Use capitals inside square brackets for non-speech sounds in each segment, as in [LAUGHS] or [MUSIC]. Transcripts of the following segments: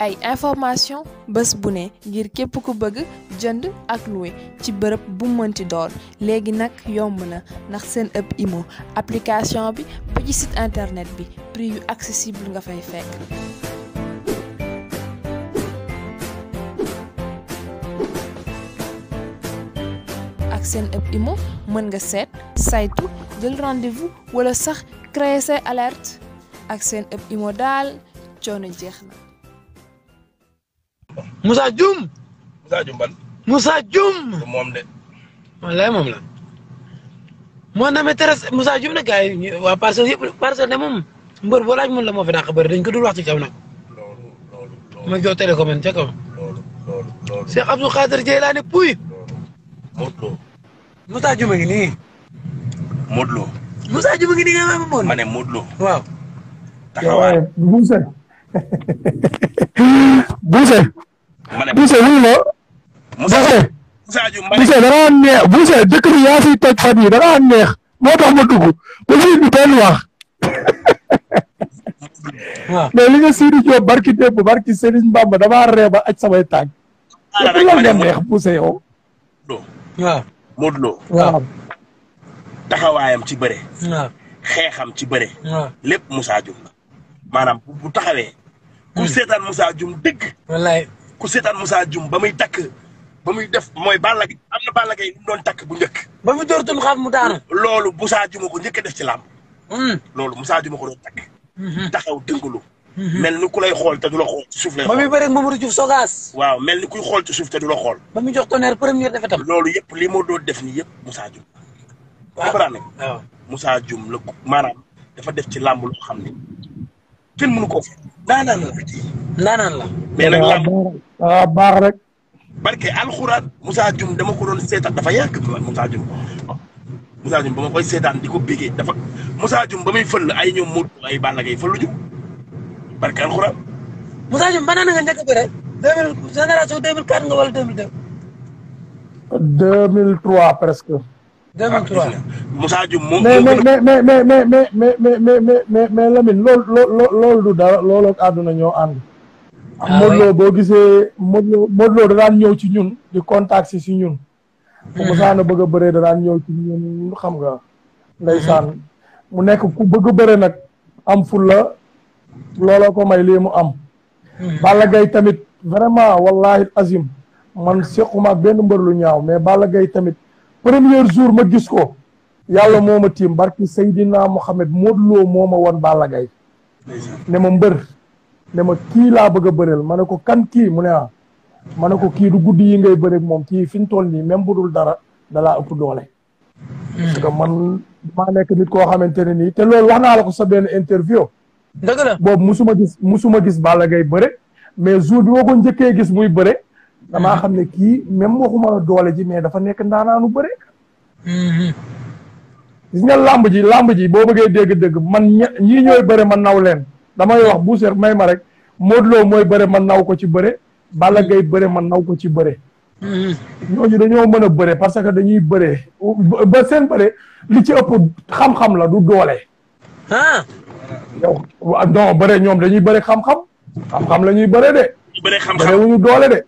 ay information bés bu ne ngir képp ku bëgg jënd ak loué ci bërëb bu mënti doon léegi nag yomb na ndax seen ëpp imo application bi ba ci site internet bi prix yu accessible nga fay fekk ak seen ëpp imo mën nga seet saytu jël rendez wala sax créer sa alerte ak seen ëpp imo daal coono jeex na Moussa Dioum. Moussa Dioum ban. Moussa Dioum. moom la. moo na maîtresse Moussa Dioum nag gars yi waa parcelle yëpp parcelle ne moom mbër boo laaj mun la moo fi dàq bëri dañ ko dul wax ci kaw nag. loolu loolu loolu. ma jox télécommande ca kaw. loolu loolu loolu. Cheikh Abdou Khadir Jeylaani puy. Modou Lo. Moussa a ngi nii. Modou Lo. Moussa Dioum a ngi nii ma ne Modou Lo. waaw. [LAUGHS] Boucher wuyu la. Boucher Boucher da ngaa neex Boucher dëkk bi yaa fiy toj fan yi da moo tax ma dugg ba fii bi benn wax. mais li nga Sidi Diop barki démb ba aj samay tànk. Ah, waaw lan taxawaayam ci bëre. waaw xeexam ci bëre. waaw lépp Moussa Dioum la. maanaam bu taxawee. ku hmm. seetaan Moussa Dioum dëgg. ku seetaan Moussa Dioum ba muy takk ba muy def mooy Balla Gaye am na Balla Gaye doon takk bu njëkk. ba mu door tudd xam mu daanu. loolu Moussa Dioum ko njëkk a def ci làmb. Hmm. loolu Moussa Dioum ko doon takk. Hmm. taxaw dëngalu. Hmm. mel ni ku lay xool te du la xool ci suuf lay ba muy bëreeg Mamadou Diouf Sogaas. waaw mel ni kuy xool ci suuf te du la xool. ba muy jox tonnerre première defe tam. loolu yëpp li moo doon def nii yëpp Moussa Dioum. waaw waaw Moussa Dioum la maanaam dafa def ci lamb loo xam ne kenn mënu ko fa naanaan la naanaan la. mais nag làmb baax rek. barke alxuraan Moussa Dioum dama ko doon seetaan dafa yàgg Moussa Dioum Moussa Dioum ba koy seetaan di ko bégee dafa Moussa Dioum ba muy fël ay ñoom Modou ay Balla Gaye fëllu ju barke alxuraan. Moussa Dioum banaan nga njëkk a bëre. deux mille génération nga wala deux mille trois presque. 2003 Moussa Dioum moom. mais mais mais mais mais mais mais mais mais mais Lamine loolu loolu du dara loolu ak àdduna ñoo ànd. ah Modou Lo boo gisee Modou Lo Modou Lo da daan ñëw ci ñun di contact si si ñun. bu Moussa na bëgg a bëree da daan ñëw ci ñun xam nga. ndeysaan mu nekk ku bëgg a nag am fulla looloo ko may lii mu am. Balla Gaye tamit vraiment wallahi azim man sequma ak benn mbër lu ñaaw mais Balla gay tamit. premier jour ma gis ko yàlla moo ma tiim barki Seydina Mohamed moo Lo moo ma wan Balla Gaye ne ma mbër ne ma kii laa bëgg a bëreel ma ne ko kan kii mu ne ah ma ne ko kii du guddi yi ngay bëreeg moom kii fi ñu toll nii même bu dara dalaa ëpp doole. parce que nekk nit koo xamante ne nii te loolu wax naa la ko sa benn interview. dëgg la boobu musuma gis musuma gis Balla gay bëre mais jour bi boo ko njëkkee gis muy bëre. damaa mhm. xam ne kii même waxuma doole ji mais dafa nekk ndaanaanu bëre. Mhm. gis nga làmb ji làmb ji boo bëggee dégg-dégg man ñii ñooy bëre man naw leen damay wax buuseer may ma rek Modou Lo mooy bëre man naw ko ci bëre. bala gay bëre man naw ko ci bëre. Mhm. ñooñu dañoo mën a bëre parce que dañuy bëre ba seen bëre li ci ëpp xam-xam la du doole. ah. yow bëre ñoom dañuy bëre xam-xam. xam-xam la ñuy bëre de. bëre xam-xam bëre doole de.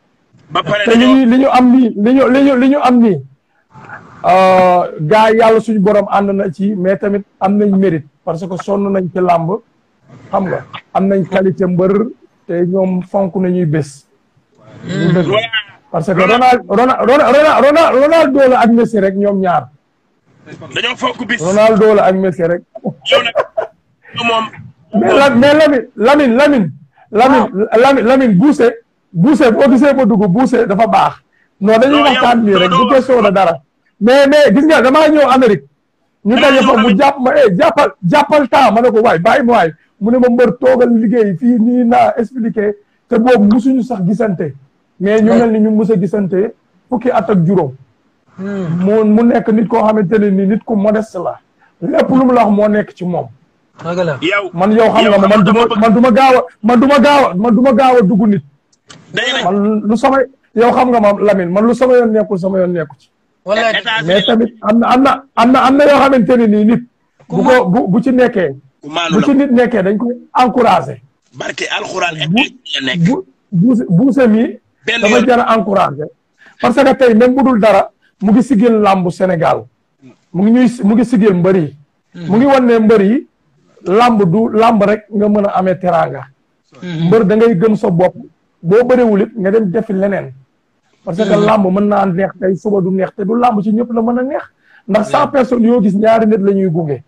ba pare te li ñu am nii li ñu li ñu li ñu am nii. Euh, gaa yàlla suñu borom ànd na ci mais tamit am nañ mérite parce que sonn nañ ci làmb xam nga am nañ qualité mbër te ñoom fonk nañuy bés. Hmm. parce que Ronald Ronald Ronaldo la Messi rek ñoom ñaar. dañoo fonk bis Ronaldo rek. mais Lamine Lamine Lamine ah. buuse boo gisee ma dugg buuse dafa baax non dañuy waxtaan nii rek bu question la dara mais mais gis nga damaa ñëw Amérique ñu daje fa mu jàpp ma eh, jàppal jàppal temps ma ne ko waay bàyyi ma waay mu ne ma mbër toogal liggéey fii nii naa expliqué te boobu suñu sax gisante mais ñu mel ni ñu mus gisante fukki at ak juróom hmm. mu mu nekk nit koo xamante ne ni nit ku modeste la lépp lu mu la moo nekk ci moom man yow xam nga ma man du ma man ma gaaw a man du ma gaaw a du ma gaaw a dugg nit man lu sama yow xam nga ma Lamine man lu sama yoon nekkul sama yoon nekku ci. walaay mais tamit am na am na am na am na yoo xamante ne ni nit. bu ko bu bu ci nekkee. bu ci nit nekkee dañ ko encouragé. barke alxuraan nekk bu bu buuse mi. dafa jar a encouragé. parce que tey même bu dul dara mu ngi sigil làmbu Sénégal mu ngi ñuy mu ngi sigil mbër yi. Hmm. mu ngi wan ne mbër yi làmb du làmb rek nga mën a amee teraanga. Hmm. mbër da ngay gëm sa bopp. boo bëriwul it nga dem defi leneen. parce que mm. làmb mën naa neex tey suba du neex te du làmb ci ñëpp la mën a neex. ndax mm. cent personnes yoo gis ñaari nit la ñuy gunge.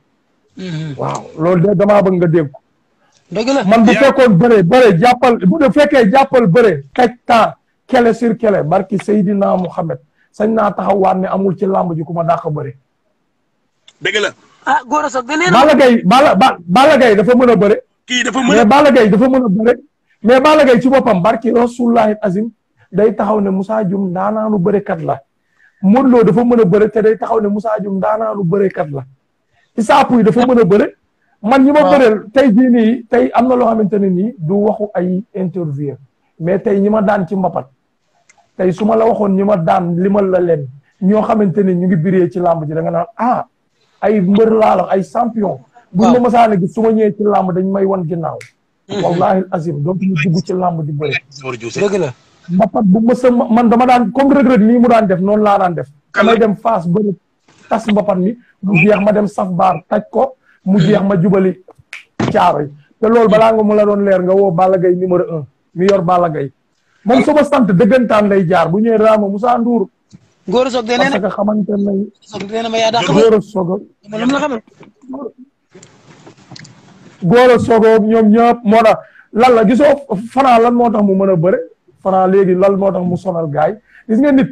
Mm-hmm. waaw loolu de damaa bëgg nga dégg ko. man bu fekkee bëre bëre jàppal bu dee fekkee jàppal bëre kaj temps kele sur kele barki Seydina Mohamed sañ naa taxawaat ne amul ci làmb ji ku ma dàq bëre. dëgg la. ah Gora Sock Balla Gaye Balla dafa mën a bëre. kii dafa mën a mais dafa mën a bëre. mais Balla Gaye ci boppam barki rasulullahi azim day taxaw ne Moussa Dioum daanaanu bërekat la Modou Lo dafa mën a bëre te day taxaw ne Moussa Dioum daanaanu bërekat la Issa Pouye dafa mën a man ñi ma bëreel tey jii nii tey am na loo xamante ne nii du waxu ay interview mais tey ñi ma daan ci mbapat tey su ma la waxoon ñi ma daan limal la leen ñoo xamante ne ñu ngi biree ci làmb ji danga nga naan ah ay mbër laa la ay champion buñ ma masaana gis su ma ñëwee ci làmb dañ may wan ginnaaw [LAUGHS] wallahi azim dootu ñu dugg ci di bëri. dëgg bu mës a man dama daan comme regret nii mu daan def noonu laa daan def. may dem faas bëri tas mbapat mi. mu jeex ma dem saf baar taj ko. mu jeex ma jubali caaro yi. te loolu balaa nga mu la doon leer nga woo bala Gaye numéro un mi yor Balla Gaye moom sama sant dëggantaan lay jaar bu ñëwee raama Moussa Ndour. góor soog de nee na parce que xamante ne. na ma yaa dàq soog. góor a sogoog ñoom ñëpp moo tax lan la gisoo Franc lan moo tax mu mën a bëre Franc léegi lan moo tax mu sonal gaay gis nga nit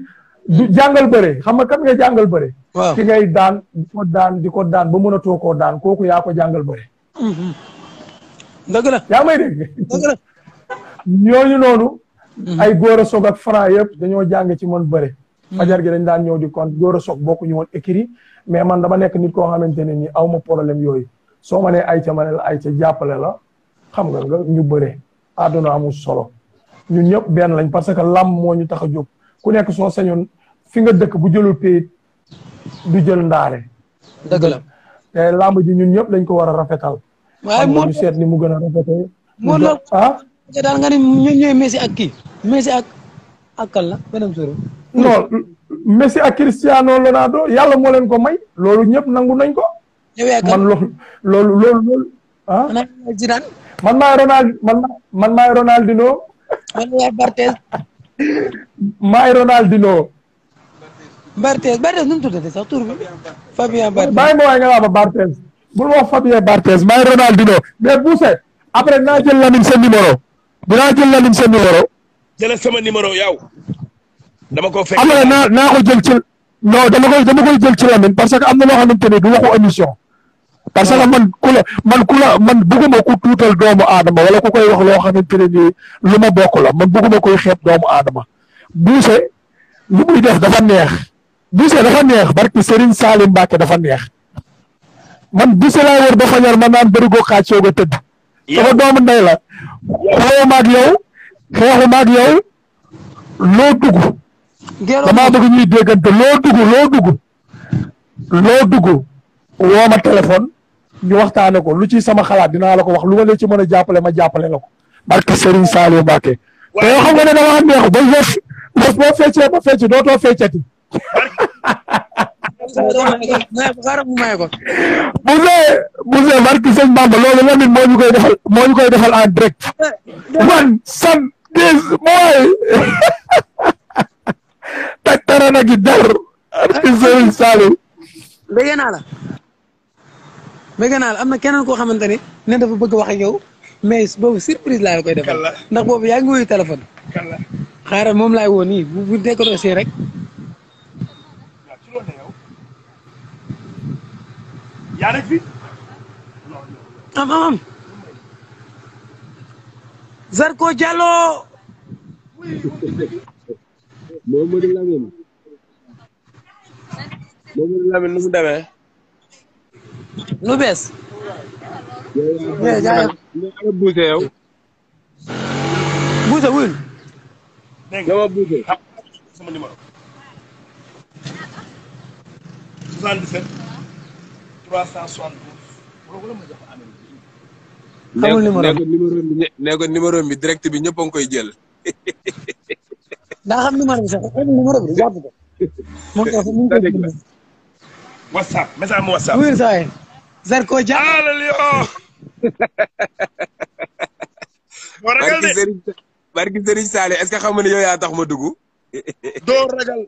du jàngal bëre xam nga kat nga jàngal bëre waaw ki ngay daan di daan di ko daan ba mën a too daan kooku yaako ko jàngal bëre mm-hmm. dëgg la yaa may dégg dëgg noonu mm-hmm. ay góor a soog ak Franc yëpp dañoo jàng ci mën bëre mm-hmm. fajar gi dañ daan ñëw di kon góor a soog bokku ñu woon écrit mais man dama nekk nit ko xamante ne ni aw ma problème yooyu soo ma nee ayca ma ne la jàppale la xam nga nga ñu bëre àdduna amul solo ñun ñëpp benn lañ parce que làmb moo ñu tax a jóg ku nekk soo sañoon fi nga dëkk bu jëlul payit du jël ndaare. dëgg la te làmb ji ñun ñëpp dañ ko war a rafetal. waaye moo ñu seet ni mu gën a rafetee. moo la ah. te nga Messi ak kii. Messi ak ak kan la beneen suur. non Messi ak Cristiano Ronaldo yàlla moo leen ko may. loolu ñëpp nangu nañ ko. man loolu loolu loolu loolu ah man maay Ronald man man maay Ronaldinho man maay Barthez maay Ronaldinho Barthez nu mu tuddati sax tur bi Fabien Barthez bàyyi ma waaye nga wax ma Barthez bul wax Fabien Barthez maay Ronaldinho mais Bousse après naa jël Lamine sa numéro dinaa jël Lamine sa numéro sama numéro yow dama ko fekk après naa naa ko jël ci non dama koy dama koy jël ci Lamine parce que am na loo xamante ni du waxu émission parce que man ku man ku la ku tuutal doomu aadama wala ku koy wax loo xamante ne nii lu ma bokk la man bëgguma koy xeeb doomu aadama buuse lu muy def dafa neex buuse dafa neex barki Serigne Salim Mbacke dafa neex man buuse laa wër ba fajar man naan bërigo xaaj soog a tëdd sama doomu ndey la xooxuma yow xeexuma ak yow loo dugg damaa bëgg loo dugg loo dugg téléphone ñu waxtaane ko lu ci sama xalaat dinaa la ko wax lu ma la ci mën a jàppale ma jàppale la ko barke Serigne Saliou Mbacké te yoo xam nga ne dama neexu ba bés bés boo feccee ba barke Sëñ Bamba loolu Lamine moo ñu koy defal moo ñu koy defal en direct one sam dix dar barke Serigne Saliou dégg naa Beganaal am na keneen koo xamante ne ne dafa bëgg wax ak yow mais boobu surprise laa koy defal. ndax boobu yaa ngi wuyu téléphone. xaaral moom laay woo nii bu bu décroché rek. rek am am am. Zarko Diallo. Mamadou Lamine. Mamadou Lamine nu mu demee. lu bees. jaajëf buuse yow. buuse wuyul. nga buuse. sama numéro. 77. 372. xamul numéro direct bi a ngi koy jël. bi sax bi jàpp ko. moo tax mu ngi koy WhatsApp message mu WhatsApp. wuyul saa Zarko ko ah le lion. moo ragal de barki Serigne Sali est xam nga ne yow tax ma dugg. [LAUGHS] doo ragal.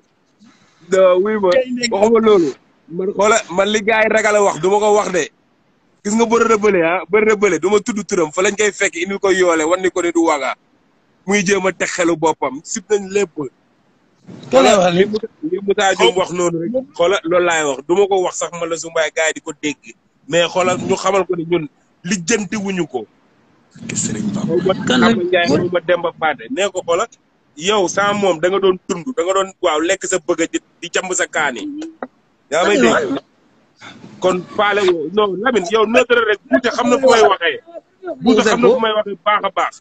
doo wuy ma waxuma loolu. man li gars ragal a wax du ma ko wax de. gis nga bëri na bële ah bëri na bële duma tudd turam fa lañ koy fekk indi ko yoole wan ni ko ni du waga muy jéem a teg xelu boppam sib nañ lépp. xoola li Moussa Dioum wax noonu rek. xoola loolu laay wax du ko wax sax man la su mbaay di ko dégg. mais xoolal ñu xamal ko ne ñun lijjanti wuñu ko. sëriñ Bamba la ma Demba Paate nee ko xoolal yow saa moom da nga doon tund danga nga doon waaw lekk sa bëgg di di sa kaani. yaa may dégg kon faale woo non Lamine yow nëtëra rek buute xam na fu waxee. buute xam na fu may waxee baax a baax.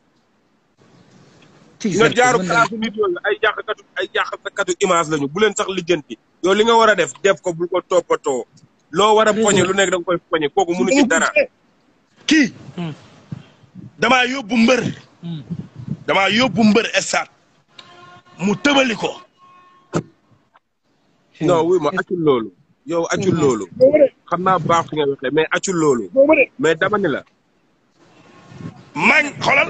nga jaaru kalaasu nit yooyu ay jàqkatu ay jàqkatu lañu bu leen sax lijjanti. yow li nga war a def def ko bul ko toppatoo loo war a poñe lu nekk da nga koy poñe kooku mënu dara. kii. Hmm. damaa yóbbu mbër. Hmm. damaa yóbbu mbër estaat mu tëbali ko. Hmm. non wuy ma accul loolu. yow accul loolu. xam naa baax fi nga waxee mais accul loolu. mais dama ni la. maañ xolal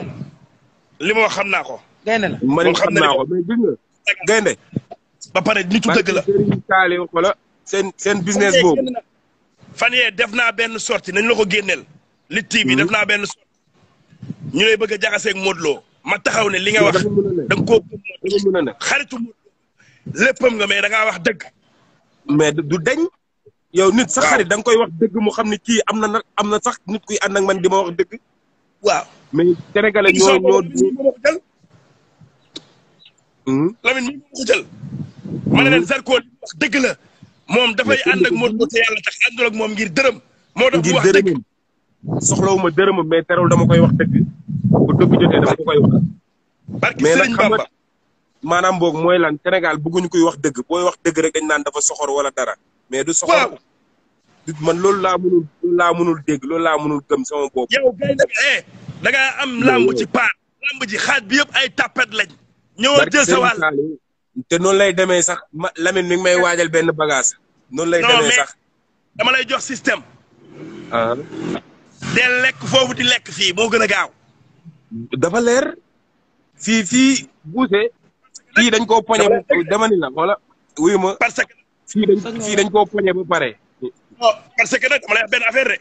li ma wax xam naa ko. gaynde la man xam naa ko mais gis nga gaynde ba pare nitu dëgg la. seen seen business boobu. fan ye def naa benn sortie nañ la ko génneel. li tii bi def naa benn sortie ñu lay bëgg a jaxaseeg Modou Lo ma taxaw ne li nga wax da nga koo mën a xaritu Modou Lo léppam nga mais da wax dëgg. mais du deñ yow nit sax xarit da koy wax dëgg mo xam ne kii am na am na sax nit kuy ànd ak man di ma wax dëgg. waaw mais Sénégalais ñoo ñoo. Lamine hmm? mi ngi jël. ma ne leen Zarko wax dëgg la. moom dafay ànd ak Modou Lo te yàlla tax àndul ak moom ngir dërëm. moo tax bu wax dëgg soxlawuma dërëmam mais terewul dama koy wax dëgg bu dëgg jotee dama ko koy wax. barki Sëriñ Bamba maanaam boog mooy lan Sénégal bëgguñ koy wax dëgg booy wax dëgg rek dañ naan dafa soxor wala dara. mais du soxor man loolu laa mënul loolu laa mënul dégg loolu laa mënul gëm sama bopp. yow kay nag eh da ngaa am lamb ci paar lamb ji xaaj bi yëpp ay tapet lañ. ñëwal jël sa te noonu lay demee sax ma Lamine may waajal benn bagage. noonu lay demee sax dama lay jox système. ah. del lekk foofu di lekk fii moo gën a gaaw. dafa leer. fii fii buuse. fii dañ koo poñe dama ni wala wuyu ma. parce que dañ koo poñe ba pare. parce que nag dama lay wax benn affaire de.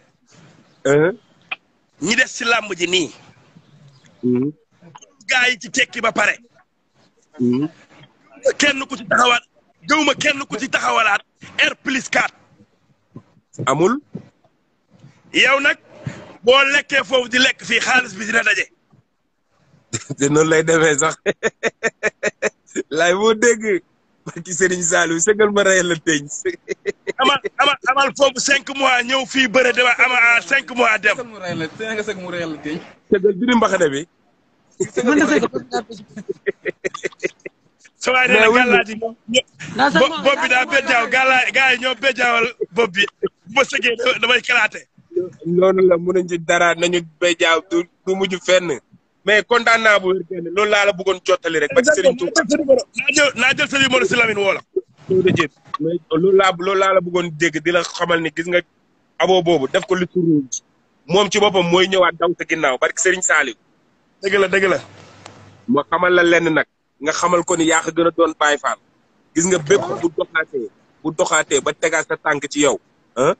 Uh-huh. ñi des ci làmb ji nii. Mm-hmm. gaa yi ci tekki ba pare. Mm-hmm. kenn ku ci taxawaat gëw ma kenn ku ci taxawalaat R plus 4. amul. yow nag boo lekkee foofu di lekk fii xaalis bi dina daje. [LAUGHS] te noonu lay demee sax lay [LAUGHS] boo dégg barki Serigne Saliou sëgal ma rayal la teñ [LAUGHS] amal amal amal foofu cinq mois ñëw fii bëre dama ama ah, cinq mois dem. sëgal mu rayal la teñ sëgal bi mbaxane bi. soo waay nee na gàllaaj moom bopp bi daa ñoo béjjaawal bopp bi ba sëggee damay kalaate loolu la mënuñ ci dara nañu béjjaaw du du fenn mais kontaan naa bu wér kenn loolu laa la bëggoon jottali rek ba ci Serigne Touba naa jël naa jël sa numéro si Lamine woo laa bëggoon dégg di la xamal ni gis nga abo boobu def ko li turu moom ci boppam mooy ñëwaat daw sa ginnaaw barki saali Saliou dëgg la dëgg la ma xamal la lenn nag nga xamal ko ni yaa ko gën a doon Baay Faal gis nga bépp bu doxaatee bu doxaatee ba tegaat sa tànk ci yow ah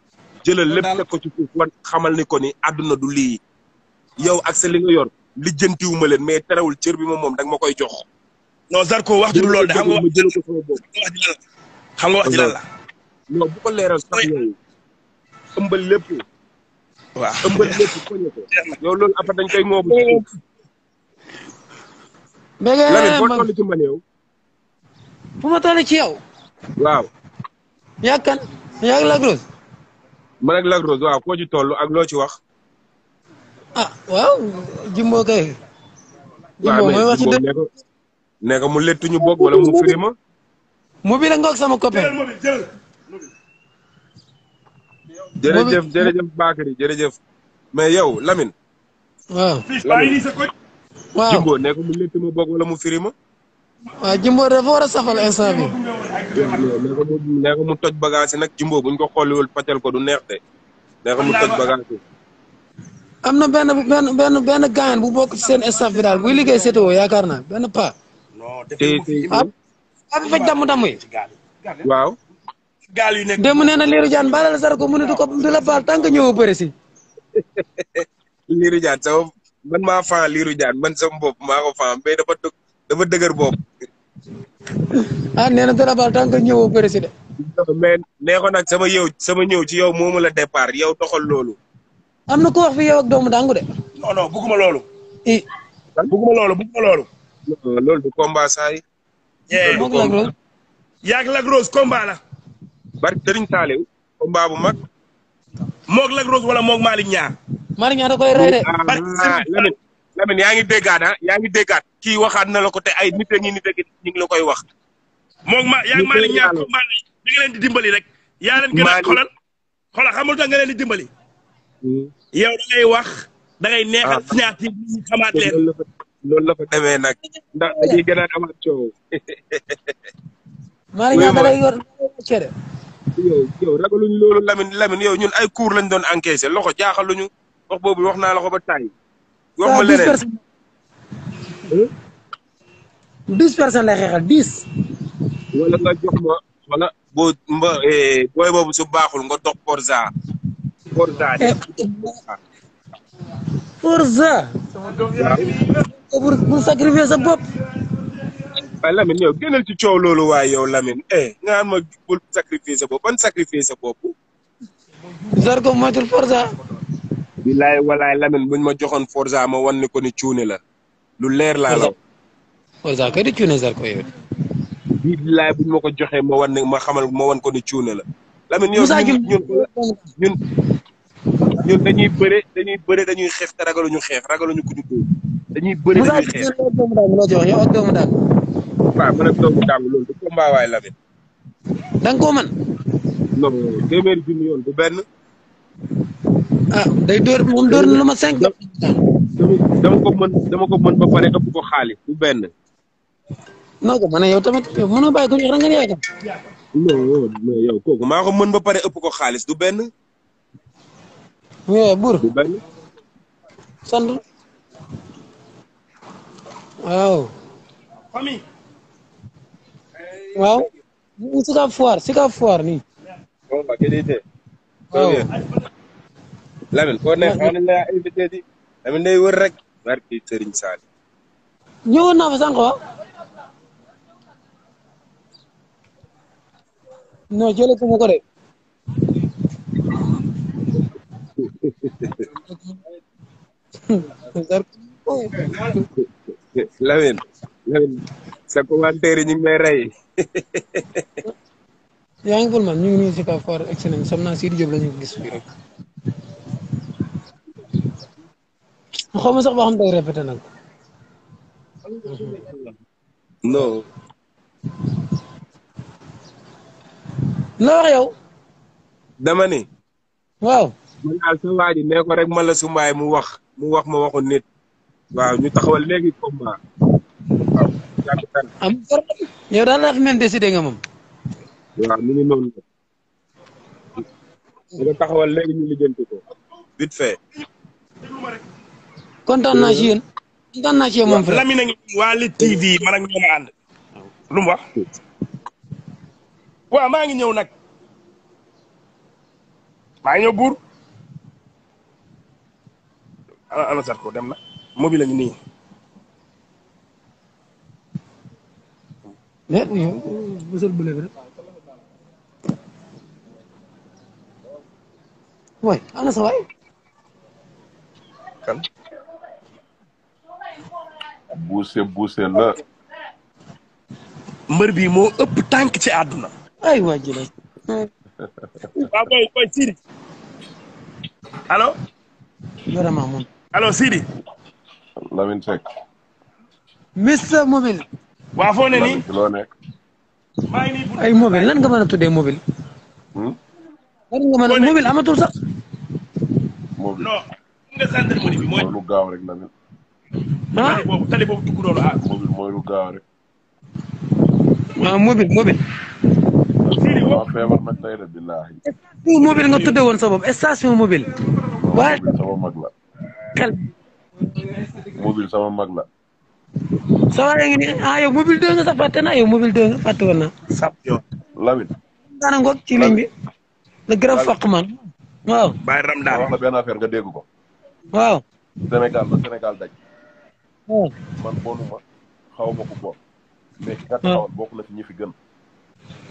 jëlal lépp teg ko ci suuf wan xamal ni ko ni àdduna du lii yow ak sa li nga yor lijjantiwu ma leen mais terewul cër bi moom moom da nga koy jox. non Zarko wax ji lool loolu de xam nga wax ji lan la xam nga wax la. non bu ko leeral sax yooyu lépp. waaw ëmbal lépp ko yow loolu après dañ koy ngoobu Mbege Lamine euh, boo toll yow. fu ma toll ci yow. waaw. yaa kan yaa ngi Lac Rose. man ak Lac Rose ci toll ak loo ci wax. ah waaw Jimbo kay. Jimbo mooy wax mu lettu ñu bokk wala mu firi ma. mu bi la ngoog sama copain. jërëjëf jërëjëf Bakary jërëjëf mais yow Lamine. waaw Jimbo ne mu létt ma boog wala mu firi war a safal instant bi. ne ko mu toj bagage nag Jimbo buñ ko xooliwul patel ko du neex de. ne ko mu toj bagage am na benn benn benn benn bu bokk seen staff bi daal buy liggéey CTO yaakaar naa benn pa. tey tey. ah ah bi faj yi. waaw. gaal yu nekk démb nee na Lirou Diane baalal sar ko mu ne du la baal tant que ñëwoo bëre si. [LAUGHS] Lirou Diane sama man maa fan liiru jaan man sama bopp maa ko fan mais dafa dëg dafa dëgër bopp. ah nee na dara baal tant que ñëwoo président. mais nee ko nag sama yow sama ñëw ci yow moomu la départ yow doxal loolu. am na ku wax fi yow ak doomu dangu de. non non bëgguma loolu. i bëgguma loolu yaa ngi eh, Lac Rose bari Serigne Saliou combat bu mag. moog Lac Rose wala moog Malick Niang. Mariña da koy rey de. Ah, yaa ngi déggaat ah, yaa ngi déggaat kii waxaat na la ko te ay nit a ngi nit ñu ngi la koy wax. moom ma yaa ngi ma mi ngi leen dimbali rek. yaa leen gën a xoolal xoolal di dimbali. Hmm. wax. da ngay neexal ah. ñaar ci loolu la fa nag ndax dañuy gën a [LAUGHS] yow loolu Lamine Lamine yow ñun ay cours lañ doon encaissé loxo jaaxaluñu. wax boobu wax naa la ko ba taay. wax ma leneen dix personnes xeexal dix. wala nga jox ma wala boo mba eh, booy baaxul nga dox Forza. Forza de. Eh, Forza. sacrifier sa bopp. waaye ah, Lamine yow génnal ci coow loolu waaye eh nga ma bul sacrifier sa bopp ban sacrifier sa bopp. Zarko moytul Forza. billaay walaay Lamine buñ ma joxoon Forza ma wan ni ko cuune la lu leer laa la. Forza kay di cuune Zarko yow. billaay buñ ma ko joxee ma wan ne ma xamal ma wan cuune la. Lamine yow ñun ñun ñun dañuy bëre dañuy bëre xeex te ragaluñu xeex ragaluñu ku ñu dóor dañuy bëre dañuy xeex. yow ak doomu daal. waaw man ak doomu daal loolu du combat waay Lamine. da nga benn. ah day dóor moom dóor na lu ma cinq. dama ko mën dama ko mën ba pare ëpp ko xaalis bu benn. non ko ma ne yow tamit mënoo bàyyi ko nga yaay tam. non non yow kooku maa ko ba pare ëpp ko xaalis du benn. mais buur du benn. sant. waaw. waaw. si ka foire si ka foire soo gën Lamine foo nekk xaaral laa invité di Lamine wër rek. barki Serigne Sall. ñëwoon naa fa sànq wa. non jëlee ko mu ko de. Lamine Lamine sa commentaire yi rey. [LAUGHS] yaa ngi man ñu ngi nii si kaw foire excellence sam naa Sidy Diop la ñu gis fii rek xaw ma sax boo xam day répété nag. non. na wax yow. dama ni. waaw. man daal sa waa ji la su mu wax mu wax ma waxu nit. waaw ñu taxawal léegi combat. waaw. am problème yow daal laa fi décidé nga moom. waaw mi ngi noonu la nga taxawal léegi ñu lijjanti ko vite fait kontaan naa ci yéen kontaan naa ci yéen moom Lamine a ngi waa Lutte TV man ak ñoom a ànd lu mu maa ngi ñëw nag maa ngi ñëw buur ana sat ko dem na mobile la ñu nii lépp yow bësal rek way ana sa buuse buuse la. mbër bi moo ëpp tànk ci àdduna. ay waa ji la. waaw boy boy Sidi. allo. vraiment moom. allo Sidi. Lamine Seck. Mister Mobile. waa foo ne nii. lan nga mën a tuddee Mobile. Hmm? war a mobile amatul sax. mobile non. nga gaaw rek la nga. ah feebar nag tey de billaahi. station nga tudde woon sa bopp station mobile. waaye mobile sama mag la. xel. mobile sama mag la. sa waay ngi ni ah yow mobile 2 nga naa yow mobile 2 nga fàtte woon naa. sap ci ligne le grand faq man waaw. Baye Ramdan wax na benn affaire nga dégg ko. waaw. Sénégal la Sénégal daj. waaw man bonuma xaw ma ko bon. mais ki nga taxawal bokk na ci ñi gën.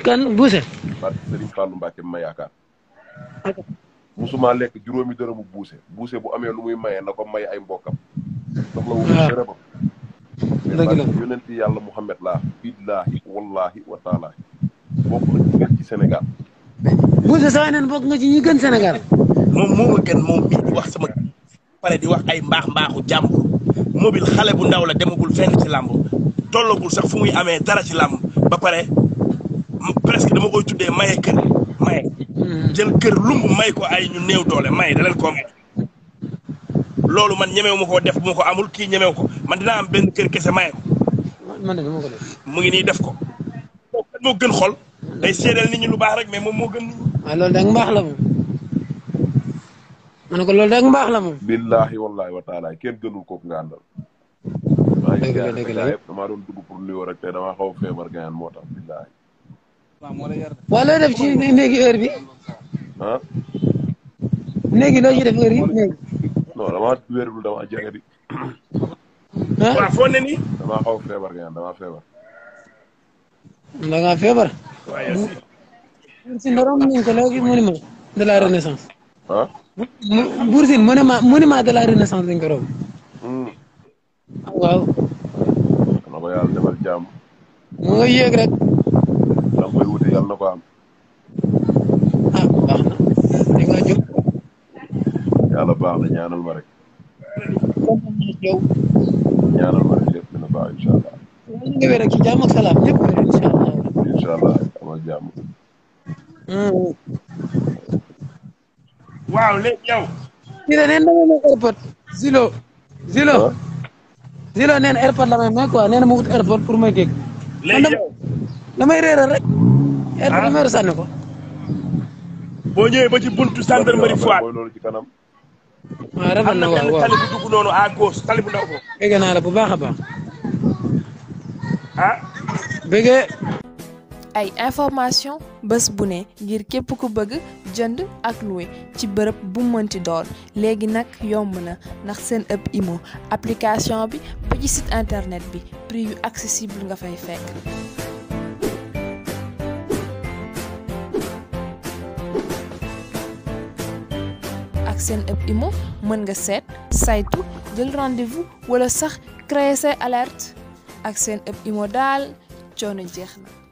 kan buuse. parce que Serigne Fallou Mbacke ma yaakaar. musuma lekk juróomi dërëmu buuse buuse bu amee lu muy maye na ko may ay mbokkam. soxla wu ko dërëbam. dëgg la yonenti yàlla Muhammad laa billaahi wallaahi wa taalaahi bokk na ci Sénégal. Boucher saa neen bokk nga ci ñi gën Sénégal. moom moo ma moom mii di wax sama di wax ay mbaax mbaaxu jàmbur mobile xale bu ndaw la demagul fenn ci làmb tollagul sax fu muy amee dara ci làmb ba pare presque dama koy tuddee maye kër maye. Hmm. jël kër lumb may ko ay ñu néew doole may da leen koo loolu man ñemewu ma koo def bu ma ko amul kii ñemewu ko man dinaa am benn kër kese maye ko. man de mu ngi nii def ko. moo gën xol. day seedal nit ñi lu baax rek mais moom moo gën nit ñi. waaw loolu mbaax la moom. ko loolu la moom. billaahi wallaahi wa taala kenn gënul kooku nga àndal. dëgg la dëgg la yëpp damaa doon dugg pour nuyoo rek te damaa xaw a feebar gayaan moo tax billaahi. waaw looy def ci néegi heure bi. néegi loo ciy def heure yi néegi. non damaa wérul damaa jàngati. ah waaw foo ne xaw feebar gayaan damaa feebar. da feebar. si ndoroom nañ ko léegi monument de la renaissance. ah. Bour Sine monument monument de la renaissance lañ ko romb. Hmm. waaw. na ko yàlla defal jàmm. moo yéeg rek. da koy wute yàlla na ko am. ah baax na. da ngaa jóg. yàlla baax na ñaanal ma rek. ñaanal ma rek lépp dina baax incha allah. yàlla na nga wér ak ci jàmm ak salaam ñëpp. incha allah incha allah. ñaanal jàmm. Hmm. waaw léegi yow. fii de nee na ma airport. Zilo. Zilo. Zilo nee airport la may may quoi nee na ma wut airport pour may dégg. léegi yow damay rek. Ah. airport damay réer sànni ko. boo ñëwee ba ci buntu gendarmerie Fouad. waaw rafet na waaw bu ko. bu baax a baax. Ah. ay information bés bu ne ngir képp ku bëgg jënd ak loué ci bërëb bu mënti doon léegi nag yomb na ndax seen ëpp imo application bi ba ci site internet bi prix yu accessible nga fay fekk ak seen ëpp imo mën nga seet saytu jël rendez wala sax créer alerte ak seen ëpp imo daal coono jeex na